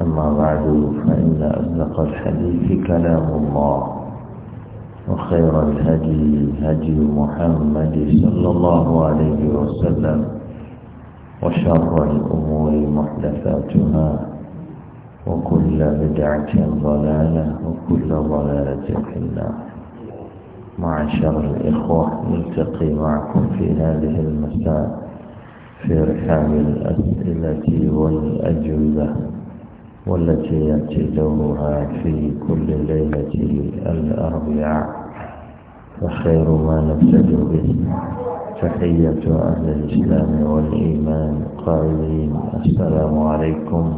أما بعد فإن أصدق الحديث كلام الله وخير الهدي هدي محمد صلى الله عليه وسلم وشر الأمور محدثاتها وكل بدعة ضلالة وكل ضلالة في النار معشر الإخوة نلتقي معكم في هذه المساء في رحاب الأسئلة والأجوبة والتي يأتي دورها في كل ليلة الأربعاء فخير ما نبتدئ به تحية أهل الإسلام والإيمان قائلين السلام عليكم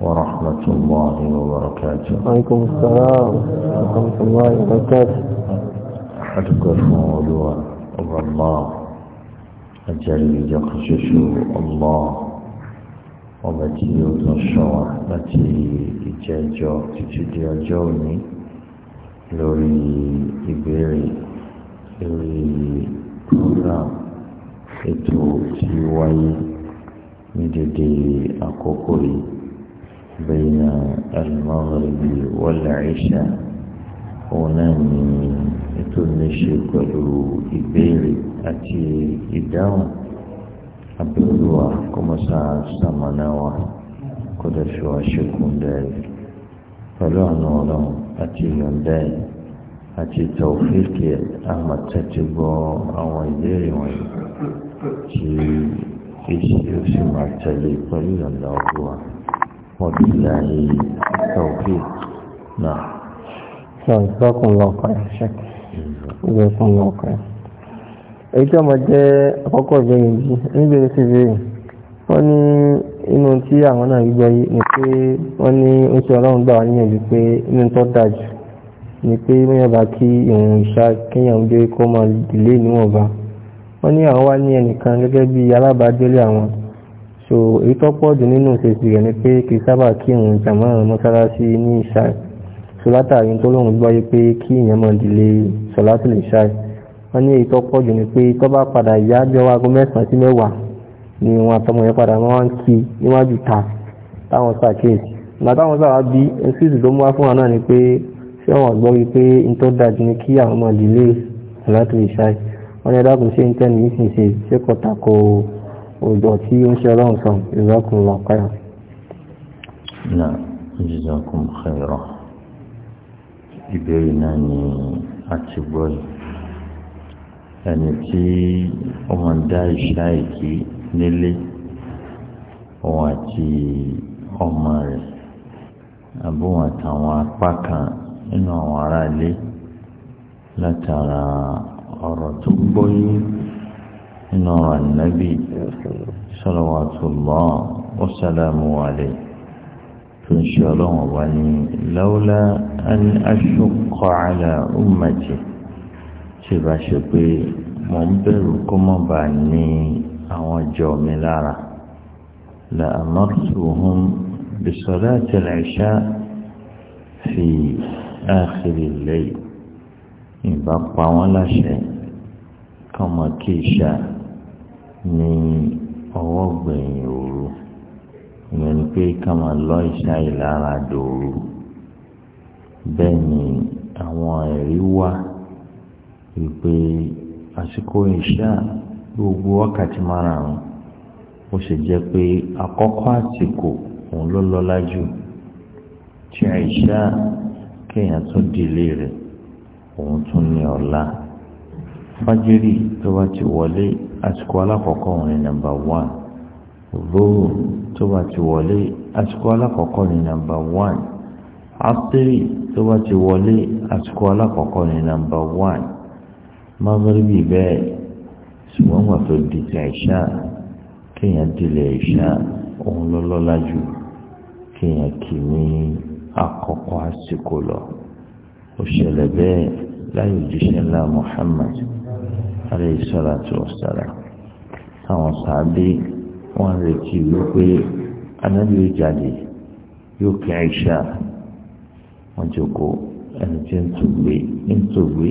ورحمة الله وبركاته وعليكم السلام ورحمة الله وبركاته أحدكم موضوع الله أجل يقشش الله ọba tí ó tún sọ wá láti ìjẹjọ títí di ọjọ́ òní lórí ìbéèrè lórí program ètò tí wáyé ní dédé àkókò yìí بين المغرب والعشاء òun náà ni ètò ní ṣe pẹ̀lú ìbéèrè àti ìdáhùn abdulluwa kọmọ sáà sàmánáwá kódà ṣọ àṣekùn dẹ́ẹ̀ pẹ̀lú àna ọlọ́run àti ìyọ̀ǹda ẹ̀ àti tàwọ́fíìkì ẹ̀ àmọ́ tẹ́tí gbọ́ àwọn ìbéèrè wọ̀nyí tí èsì ó sì máa tẹ̀lé pẹ̀lú ìyọ̀ǹda ọ̀gbọ́n wọ́n ti yà ní tàwọ́fíìkì náà. sọ̀rọ̀ ìgbọ́kùnlọ́kọ̀ ẹ̀ ṣẹ́kì ìgbọ́kùnlọ́kọ̀ ẹ̀. èyí tí ọmọ jẹ́ àkọ́kọ́ ìbẹ̀rẹ̀ yìí níbẹ̀rẹ̀ sí ìbẹ̀rẹ̀ wọ́n ní inú tí àwọn náà gbígbọ́ yìí ni pé wọ́n ní ọlọ́run gbà wá níyànjú pé inú tó dájú ni pé mẹ́yànbá kí ìrùn ìṣá kéèyàn dìlé níwọ̀nba wọ́n ní àwọn wá ní gẹ́gẹ́ bí alábàágbélé àwọn so èyí tó pọ̀ nínú ìṣèṣì rẹ̀ ni pé wọ́n ní èyí tó pọ̀ jù ni pé tó bá padà yá bí ọwọ́ aago mẹ́sàn-án sí mẹ́wàá ni wọn àtọmọ yẹn padà máa ń kí níwájú ta táwọn ṣàkíyèsí ìgbà táwọn sábà bí ẹsíìsì tó mú fún wa náà ni pé ṣé wọn gbọ́ wípé n tó dájú ni kí àwọn ọmọ ìdílé láti lè ṣáì wọn ní ẹdáàkùn ṣe ń tẹ́ni yìí ṣe ṣe kọ́ tako òjò tí ó ń ṣe ọlọ́run sàn ìrọ́kùn làkàyà. náà jíjọ kún ìbéèrè náà ni a ti gbọ́ yìí ẹni tí ọmọ ń dá ìṣá ìkí nílé òun àti ọmọ rẹ̀ àbúrò àtàwọn apá kan nínú àwọn aráalé látara ọ̀rọ̀ tó gbóyé nínú ọ̀rọ̀ ànábì salawatullah wa salamu tó ń ṣe ọlọ́wọ́n wá ní lawla an ashqa ala ummati tí ìbá ṣe pé mò ń bẹ̀rù kó mọ̀ bá ní àwọn ìjọ mi lára la amartuhum bi salati al-isha fi akhir al-layl ìbá pa wọ́n láṣẹ kọ́mọ kí ní ọwọ́ gbẹ̀yìn òru ìyẹn pé kọ́mọ lọ ìṣá yìí lára bẹ́ẹ̀ ni àwọn ẹ̀rí wà wípé àsìkò ìṣá gbogbo wákàtí márùn-ún ó ṣe jẹ́ pé àkọ́kọ́ àsìkò òun ló lọ́lá jù tí àìṣá kéèyàn tún délé rẹ̀ òun tún ní ọ̀la fájírì tó bá ti wọlé àsìkò alákọ̀ọ́kọ́ òun ní nàmbà wán lóòrùn tó bá ti wọlé àsìkò alákọ̀ọ́kọ́ ní nàmbà wán áfírì tó bá ti wọlé àsìkò alákọ̀ọ́kọ́ ní nàmbà wán mọ́gàríbì bẹ́ẹ̀ ṣùgbọ́n wà tó di ti àìṣá kéèyàn dilẹ̀ àìṣá òun lọ́lọ́lá jù kéèyàn kì ní àkọ́kọ́ àsìkò lọ ó ṣẹlẹ̀ bẹ́ẹ̀ láyé òjíṣẹ́ ńlá Muhammad alayhi salatu wassalam táwọn sàábé wọn retí wípé anábì jáde yóò kí àìṣá wọn jókòó ẹni tí ń tòwé ń tòwé.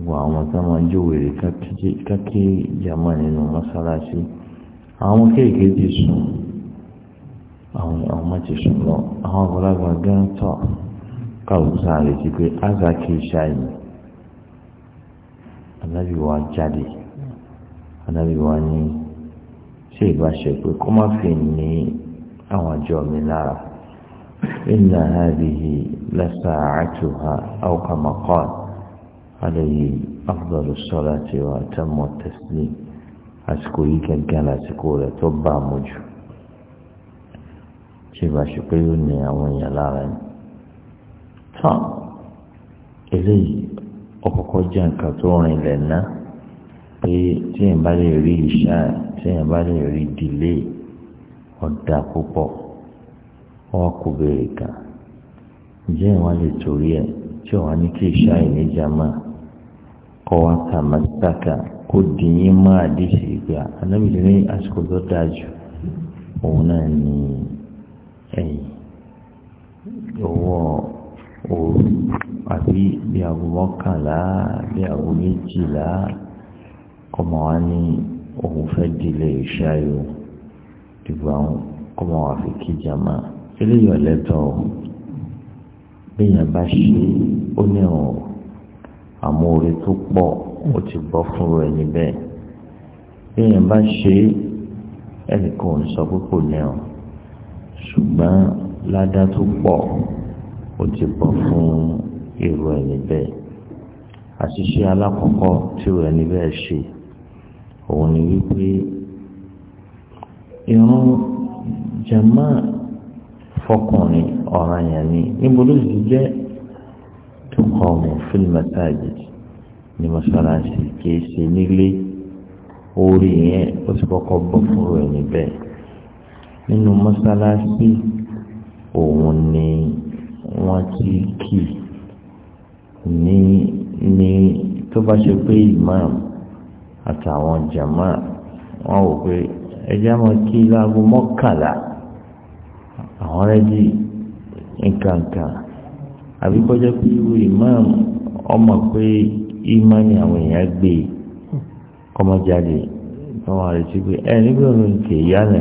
gbogbo àwọn tó máa jòwèrè kákí jàmá nínú mọ́sálásí àwọn kéèké ti sùn àwọn ọmọ ti sùn lọ àwọn ọ̀gbọ́lágbà gán tọ̀ káwùsá rẹ̀ ti pé áza kì í ṣáàyè anábì wa jáde anábì wa ní ṣé pé kó má fi ní àwọn àjọ mi lára inna hadhihi la sa'atuha aw kama عليه أفضل الصلاة وأتم التسليم àsìkò yìí gẹ́gẹ́ lásìkò rẹ̀ tó bá a mójú ṣe bá ṣe pé ó ní àwọn èèyàn lára ni tán eléyìí ọ̀kọ̀ọ̀kọ̀ jẹ́ nǹkan tó rìnlẹ̀ ná pé tí èèyàn bá lè rí ìṣá tí èèyàn bá lè rí dìlé ọ̀dà púpọ̀ wọn kò béèrè kan ǹjẹ́ ìwọ́n lè torí ẹ̀ tí òun á ní kí ìṣá ìníjà máa kọ́ wa tàmátàkà kó dìyín má àdìsí ìgbà anábìlẹ̀ ní àsìkò tó dáa jù òun náà ní ẹ̀yìn ọwọ́ òru àbí bí aago mọ́kànlá bí aago méjìlá kọ́mọ wa ní òun fẹ́ dìlé ìṣáyò dìbò àwọn kọ́mọ wa fi kíjà máa eléyìí ọ̀lẹ́tọ̀ bẹ́yìn bá ṣe ó ní ọ̀rọ̀ àmóore tó pọ̀ ó ti bọ́ fún rẹ̀ níbẹ̀ bí èèyàn bá ṣe ẹnìkan ò ní sọ pé kò ní ọ ṣùgbọ́n ládá tó pọ̀ ó ti bọ́ fún èrò ẹ̀ níbẹ̀ àṣìṣe alákọ̀ọ́kọ́ tí rẹ̀ níbẹ̀ ṣe òun ni wípé irun jama fọkùnrin ọ̀ranyàn ni níbo ló sì jẹ́ tó kọ́ ọmọ ni táàjì ní mọ́ṣáláṣí kì í ṣe nílé orí yẹn ó ti kọ́kọ́ bọ́ fúru ẹ̀ níbẹ̀ nínú mọ́ṣáláṣí òun ni wọ́n ti kì ní ní tó bá ṣe pé imam àtàwọn jama wọn wò pé ẹjẹ́ máa kí láago mọ́kànlá àwọn rẹ́jì nǹkan kan. àbí kọjá pé irú imam ọmọ pé imani àwọn èèyàn gbé kọmọjáde ti ẹ nígbà tó ń ìyá ni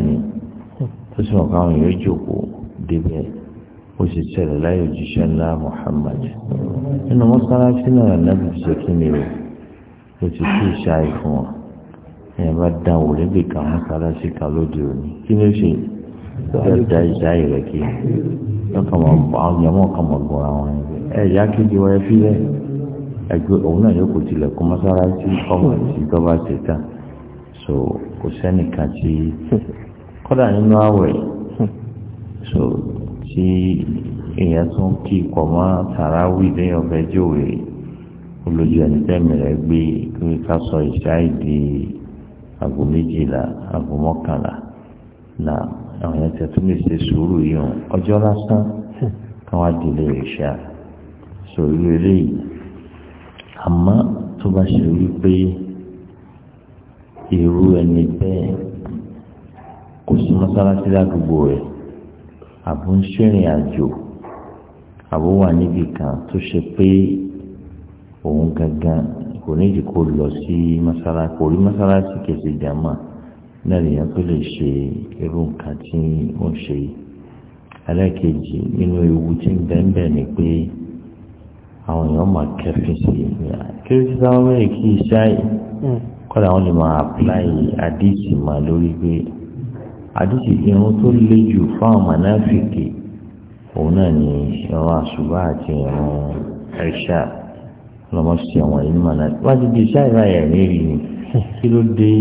tó sì káwọn èèyàn jókòó Muhammad nínú náà ni o ó ti ìṣáì fún wọn bá kan lóde òní kí ni ó ọjọ́ ìjà ìrẹ̀ kí àwọn ìyàmọ́ kan mọ̀ gbọ́ra wọn ẹ̀ ìyá kejì wọ́n ẹ fi lẹ̀ ẹgbẹ́ òun náà yóò kò tilẹ̀ kó mọ́sálásí ọmọ ìsì dọ́bà tẹ̀tà so kò sẹ́nìkan tí kọ́dà nínú àwẹ̀ so tí èèyàn tó ń kí ikọ̀ mọ́ tàràwí lẹ́yìn ọ̀fẹ́ jòwè olójú ẹni tẹ́mi rẹ̀ gbé kí ká sọ ìṣáìdí àgọ́ méjìlá àgọ́ mọ́kànlá na àwọn yẹn ti tún lè ṣe sùúrù yìí hàn ọjọ́ lásán káwá délé ìṣá sòrí eléyìí àmọ́ tó bá ṣe wípé irú ẹni bẹ́ẹ̀ kò sí mọ́sálásí ládùúgbò rẹ̀ àbò ń ṣèrìn àjò àbò wà níbì kan tó ṣe pé òun gangan kò ní ìdíkò lọ sí mọ́sálásí kò rí mọ́sálásí kẹsì jàmáà náà nìyẹn tó lè ṣe irú nǹkan tí wọ́n ṣe yìí ẹlẹ́ẹ̀kejì nínú ewu tí ń bẹ́ẹ̀ ni pé àwọn èèyàn máa kẹfì sí i kí ló ti sáwọn mẹ́rin kí iṣẹ́ àyè hmm. kọ́dà wọ́n lè máa apply àdìsí mà lórí pé àdìsí irun tó le jù fáwọn mọ̀nàfìkì òun náà ni ìrun àṣùbá àti ìrun ẹ̀ṣà lọ́mọ́sí àwọn ìlú mọ̀nàfìkì wájú di iṣẹ́ àyè báyà ẹ̀rí kí ló dé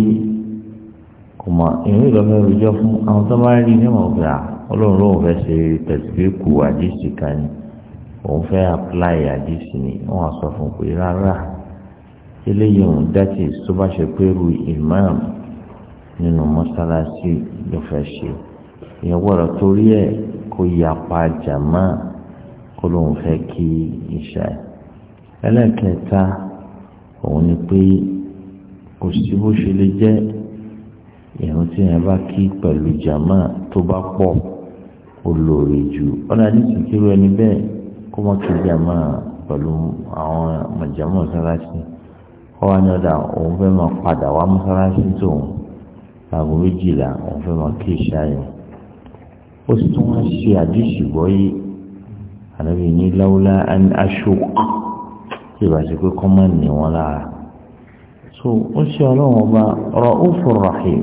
kò mọ èyí lọ́mọ ìròjọ́ fún àwọn tó bá rí ní ọ̀gá ọlọ́run lóun fẹ́ ṣe tẹ̀síkù àdìsí kan ni òun fẹ́ apply àdìsí ni wọ́n á sọ fún pé rárá eléyìí òun dátì tó bá ṣe pé ru imam nínú mọ́sálásí ló fẹ́ ṣe ìyẹn gbọ́dọ̀ torí ẹ̀ kó yapa jàmá kó lóun fẹ́ kí ìṣá ẹ̀ ẹlẹ́kẹta òun ni pé kò sí bó ṣe lè jẹ́ ìrun tí yẹn bá kí pẹ̀lú jàmá tó bá pọ̀ ó lóore jù ọ̀nà nítorí kíru ẹni bẹ́ẹ̀ kó mọ́ kí jàmá pẹ̀lú àwọn mọ̀jàmọ́ mọ́sálásí ó wá ní ọ̀dà òun fẹ́ máa padà wá mọ́sálásí tóun láago méjìlá òun fẹ́ máa kí ìṣáyẹn ó sì tún wá ṣe àdìsí gbọ́yé ànábì ní láwùlá aṣọ tí ìbá ṣe pé kọ́mọ̀ ní wọn lára so ó ṣe ọlọ́run ọba ra'ufur rahim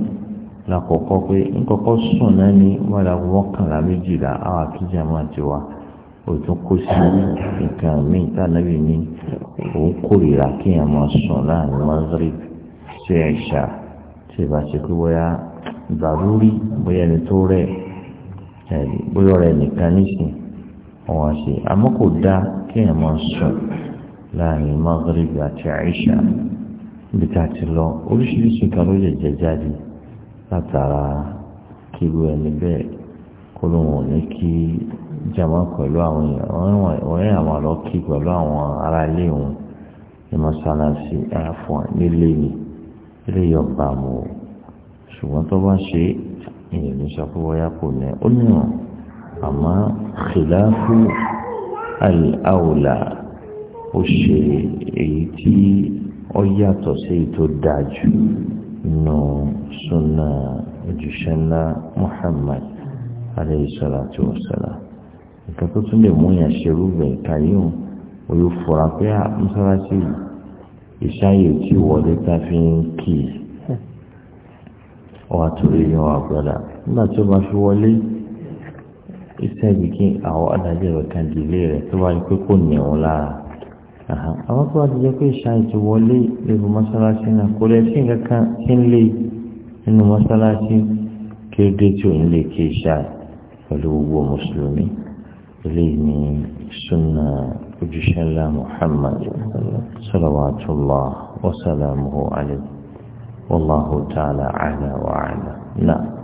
lákọ̀ọ́kọ́ pé nkọ́kọ́ sùn náà ní wàdà mọ́kànlá méjìlá àwọn àtúnjà máa ti wá òtún kó sí nǹkan míì tànàbí ní òun kórìíra kéèyàn máa sùn láàrin Maghrib sí ẹ̀ṣà tí ìbá ṣe pé bóyá ìbàlórí bóyá ẹni tó rẹ̀ bóyá ọ̀rẹ́ nìkan nísìn ọ̀wọ́n àṣẹ àmọ́ kò dá máa sùn láàrin ti lọ oríṣiríṣi kan ló látara kí ẹni bẹ́ẹ̀ kó ló wọn ní kí jama pẹ̀lú àwọn èèyàn wọ́n yẹn àwọn àlọ́ kí pẹ̀lú àwọn ará ilé wọn ní mọ́sálásí àfọ̀ nílé ni ilé yọ̀ bá mu ṣùgbọ́n tó bá ṣe èèyàn ní sọ fún wáyà kò ní ó ní wọn àmọ́ khilafu al-awla ó ṣe èyí tí ó yàtọ̀ sí èyí tó dáa jù nínú súnà ojúṣe ńlá Muhammad alayhi salatu wa salam nǹkan tó tún lè mú yàn ṣerú bẹ̀ kàyéhùn oyè fura pé a ah, mọ́sálásí ìṣáyè tí wọlé tá fi ń kì í ọ̀hà tó lè yan àgbàdà nígbà tí ó bá fi wọlé iṣẹ́ ìgbìkín àwọn adájọ́ rẹ̀ kan dìlé rẹ̀ tó bá yẹ pé kò ní lára àwọn tó wà ti jẹ́ pé ṣáì ti wọlé lẹ́nu mọ́ṣáláṣí náà kò lẹ́ sí nǹkan kan tí ń lé nínú mọ́ṣáláṣí kéde tí ò ń lè ké ṣáì pẹ̀lú gbogbo mùsùlùmí eléyìí ní sunna ojúṣe ńlá muhammad salawatullah wa salamuhu alayhi wallahu ta'ala ala wa ala náà.